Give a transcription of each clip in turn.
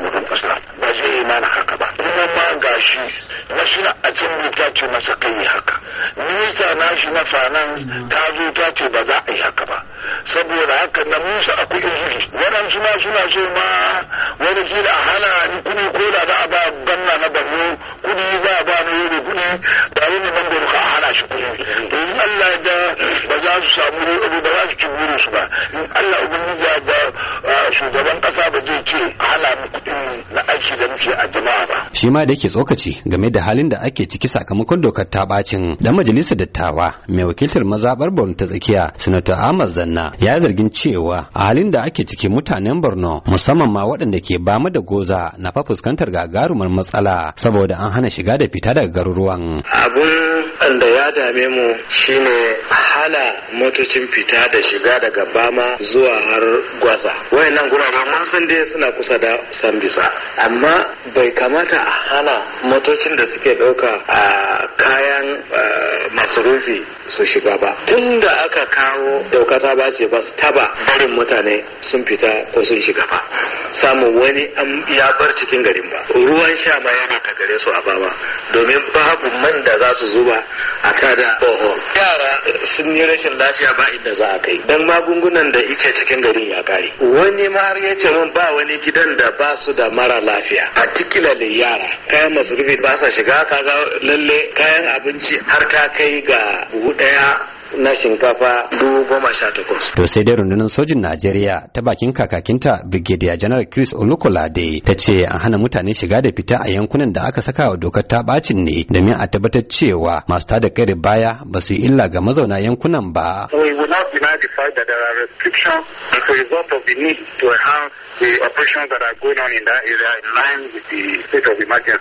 shugaban kasa ba zai yi mana haka ba kuma ma gashi a assembly ta ce masa kai yi haka minista na shi na fanan ta zo ta ce ba za a yi haka ba saboda haka na musa a kuɗin zuri waɗansu ma suna so ma wani kila a hana ni kuɗi ko da za a ba ganna na bango kuɗi za a ba na yau kuɗi ba ni man da a hana shi kuɗi to Allah ya za su samu ruɗu ba za su ci burinsu ba in Allah ubangiji ya ga ah, shugaban ƙasa ba zai ce hala mu kuɗin na aiki da lafiya a jama'a ba. Shi ma da yake tsokaci game da halin da ake ciki sakamakon dokar ta bacin dan majalisar dattawa mai wakiltar mazabar Borno ta tsakiya Sanata Ahmad Zanna ya yi zargin cewa a halin da ake ciki mutanen Borno musamman ma waɗanda ke bamu da goza na fa fuskantar gagarumar matsala saboda an hana shiga da fita daga garuruwan. Abun da ya dame mu shine hala motocin fita da shiga daga bama zuwa har gwaza. Wayannan guraren mun san dai suna kusa da Sambisa amma bai kamata a hana motocin da suke ɗauka a kayan masarufi su shiga ba tun da aka kawo dauka ta ce ba taba barin mutane sun fita ko sun shiga ba samun wani ya bar cikin garin ba ruwan sha ma yana gare su a bawa domin babu man da za su zuba a tada boho yara sun yi rashin lafiya ba inda za a kai dan magungunan da ike cikin garin ya kare wani ma har ya ce ba wani gidan da ba su da mara lafiya particularly yara kayan masarufi ba sa shiga kaga lalle kayan abinci har ta kai ga buhu daya na shinkafa dubu goma sha takwas. To sai dai rundunar sojin Najeriya ta bakin kakakinta Brigadier General Chris Olukolade ta ce an hana mutane shiga da fita a yankunan da aka saka wa dokar ta bacin ne domin a tabbatar cewa masu tada kare baya ba su yi illa ga mazauna yankunan ba. not deny the fact that there are restrictions as a result of the need to enhance the operations that are going on in that area in line with the state of emergency.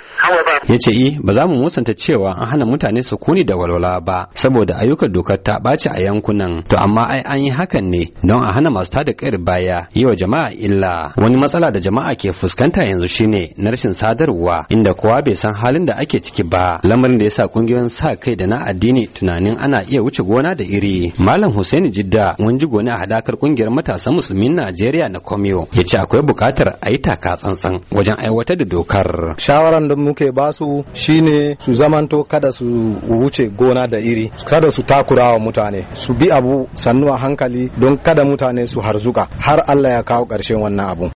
ya ce eh, ba za mu musanta cewa an hana mutane su kuni da walwala ba saboda ayyukan dokar ta ɓaci a yankunan to amma ai an yi hakan ne don a hana masu tada ƙayar baya yi wa jama'a illa wani matsala da jama'a ke fuskanta yanzu shine na rashin sadarwa inda kowa bai san halin da ake ciki ba lamarin da ya sa ƙungiyoyin sa kai da na addini tunanin ana iya wuce gona da iri malam Hussein Hussaini Jidda wani ji goni a hadakar kungiyar matasan musulmin Najeriya na Komeo ya ce akwai buƙatar a yi taka tsantsan wajen aiwatar da dokar. Shawaran da muke basu shine su zamanto kada su wuce gona da iri kada su takura wa mutane su bi abu sannu a hankali don kada mutane su harzuka har Allah ya kawo ƙarshen wannan abu.